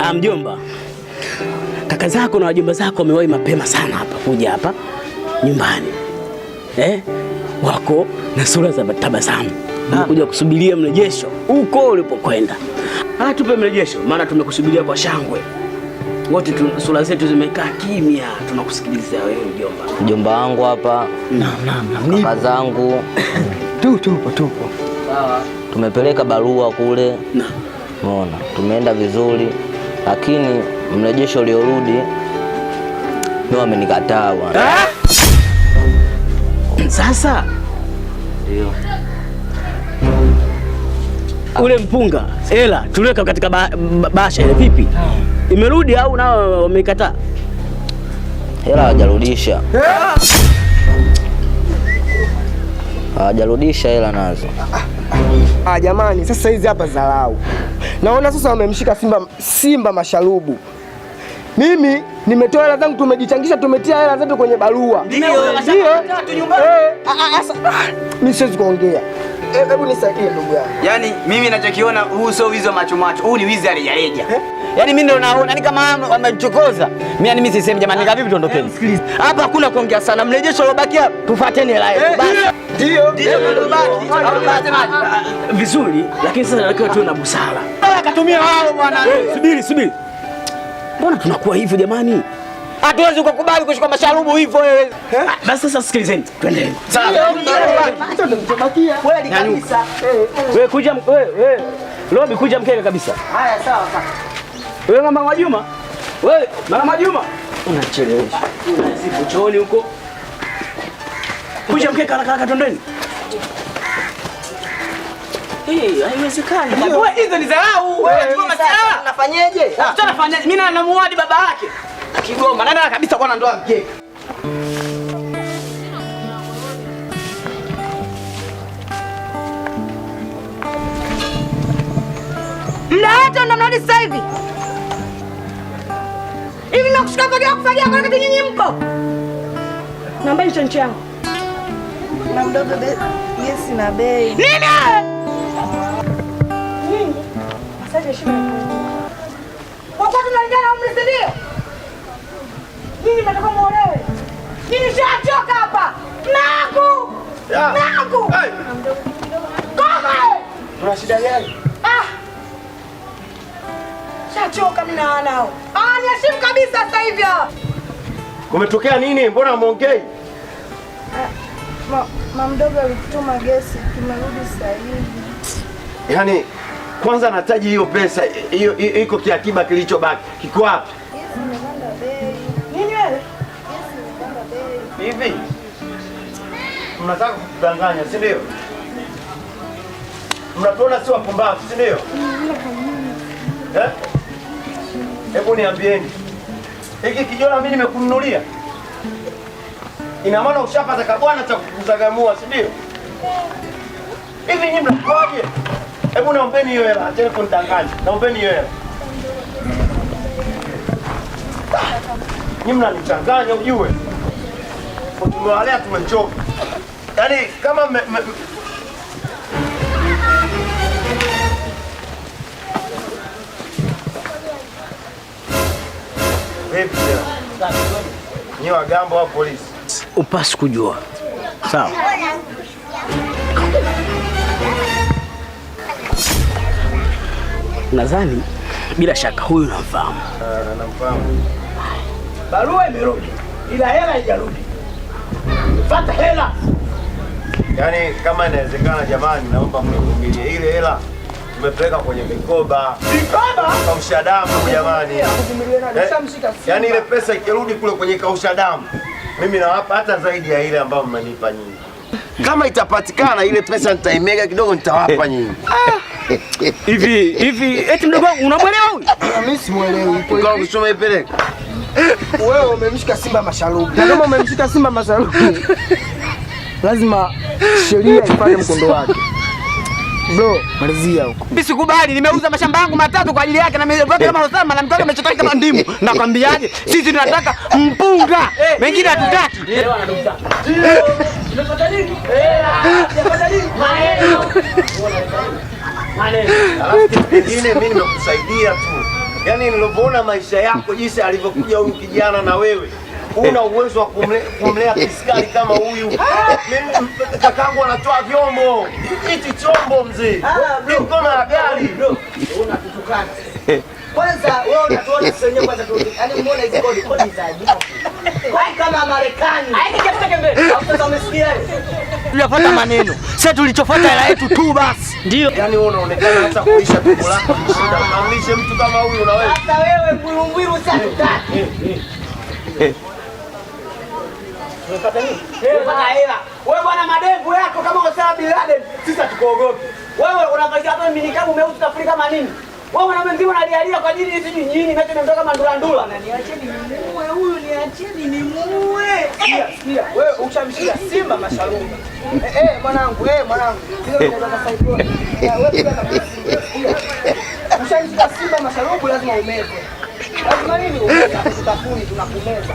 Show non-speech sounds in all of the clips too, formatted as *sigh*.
Ah, mjomba, kaka zako na wajomba zako wamewahi mapema sana hapa kuja hapa nyumbani eh? Wako na sura za tabasamu, ah. wamekuja kusubiria mrejesho huko ulipokwenda. Atupe ah, mrejesho, maana tumekusubiria kwa shangwe wote sura zetu zimekaa kimya, tunakusikiliza wewe mjomba. Mjomba wangu hapa, kaka zangu *clears throat* tu, tupo tupo, sawa. Tumepeleka barua kule, umeona tumeenda vizuri, lakini mrejesho uliorudi ndio amenikataa bwana. Eh? Sasa ndio ule mpunga ela tuliweka katika bahasha ile, vipi? imerudi au nao wamekataa? Hela hawajarudisha, hawajarudisha hela nazo. Ah, jamani, sasa hizi hapa dharau. Naona sasa wamemshika Simba, Simba masharubu. Mimi nimetoa hela zangu, tumejichangisha, tumetia hela zetu kwenye barua. Ndio. Eh, eh, ah, ah, ah, mimi siwezi kuongea. Eh, hebu nisaidie ndugu yangu. Yaani mimi ninachokiona huu sio wizi wa macho macho, huu ni wizi alijareja. Yaani mimi ndio naona ni kama wamechokoza. Mimi yani mimi sisemi jamani ngapi vipi tuondokeni. Hapa hakuna kuongea sana. Mrejesho lobaki hapa. Tufuateni live basi. Ndio. Ndio lobaki. Vizuri, lakini sasa natakiwa tuwe na busara. Ah, akatumia wao bwana. Subiri, subiri. Mbona tunakuwa hivyo jamani? Hatuwezi kukubali kushika masharubu hivyo wewe. Ah, basi sasa sikilizeni. Twendeni. Sawa. Wewe kuja wewe. Wewe. Lobi kuja mkeka kabisa. Haya sawa sawa. Wewe mama Juma? Wewe mama Juma? Unachelewesha. Unazipo chooni huko. Kuja mkeka haraka haraka twendeni. haiwezekani. Wewe hizo ni dharau. Wewe ah. Unafanyaje? Mimi na baba yake. kabisa kwa na ndoa mkeka. Mda wote ndo mnadi sasa hivi hivi nakushika fagia kufagia kwa wakati nyinyi mko naombeni chenchi yangu na mdogo gesi na bei nini. Asante heshima kwa kuwa tunalingana umri, si ndio? Nyinyi muolewe, nyinyi shachoka hapa naku naku. Kuna shida gani? nachoka mimi na wanao. Ah, niheshimu kabisa sasa hivi. Kumetokea nini? Mbona mwongei? Mama eh, mdogo alikutuma gesi, tumerudi sasa hivi. Yaani kwanza nataji hiyo pesa hiyo iko kiakiba kilichobaki. Kiko wapi? Hivi mnataka kutudanganya, si ndio? Mnatuona si wapumbavu, si ndio? Mm, eh? Hebu niambieni, hiki kijola mimi nimekununulia, ina maana ushapata kabwana cha kukuzagamua, si ndio? Hivi nyinyi mnakuaje? Hebu naombeni hiyo hela, acheni kunidanganya. Naombeni hiyo hela. Nyinyi mnanichanganya ujue. Tumewalea tumechoka. Yaani kama Vipi Ni wagambo au polisi? Upasi kujua. Sawa. Nadhani bila shaka huyu namfahamu. Ah, namfahamu. Barua imerudi. Ila hela haijarudi. Fata hela. Yaani kama inawezekana jamani, naomba mnivumilie ile hela tumepeleka kwenye mikoba kausha damu jamani, eh, yaani ile pesa ikirudi kule kwenye kausha damu, mimi nawapa hata zaidi ya ile ambayo mmenipa nyinyi. Kama itapatikana ile pesa nitaimega kidogo, nitawapa nyinyi. *laughs* Hivi hivi, eti mdogo wangu unamwelewa huyu? Mimi simuelewi. Kwa nini umeipeleka? Wewe umemshika simba masharubu. Kama umemshika simba masharubu, lazima sheria ifanye mkondo wake. Bro, malizia huko. Mimi sikubali, nimeuza mashamba yangu matatu kwa ajili yake na nimepata kama Osama na mtoto amechotaka kama ndimu. Nakwambiaje? Sisi tunataka mpunga. Mengine hatutaki. Mimi nimekusaidia tu. Yaani maisha yako jinsi alivyokuja huyu kijana na wewe una uwezo wa kumle, kumlea kiskari *laughs* kama huyu. Kakangu anatoa vyombo iti chombo mzee ah, ni mkono na gari kwanza wewe unatuona sisi wenyewe kwanza, yaani mbona hizo kodi kodi za ajabu? Kwani kama Marekani tunafuata maneno sasa, tulichofuata hela yetu tu basi. Ndio yaani wewe unaonekana hata kuisha tumbo lako kushinda, unaulishe mtu kama huyu na wewe. hata wewe mbwiru sasa tutaki eh, eh, eh. Unapata nini? hela. Wewe bwana madengu yako kama Osama bin Laden, sisi hatukuogopi. Wewe unavalia hata minikabu meusi tafurika kama nini? Wewe mwanaume mzima unalialia kwa ajili hizi nyinyi macho yametoka kama ndula niacheni nimuue huyu, niacheni nimuue. Sikia, wewe ushamshika simba mashalunga. Eh, eh mwanangu, eh mwanangu. Wewe simba mashalunga lazima umeze. Lazima nini umeze? Tutakuni tunakumeza.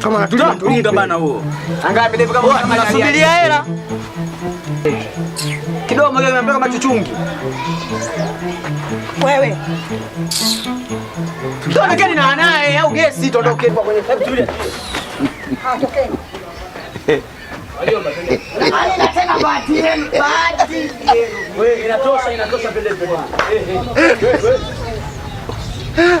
Kama tulinda bana huo. Angapi mimi kama kama nasubiria hela. Kidogo mgeni ambaye kama chuchungi. Wewe. gani na naye au gesi tondoke kwa kwenye hebu tulia. Ah, tokeni. Alina inatosha, inatosha *laughs*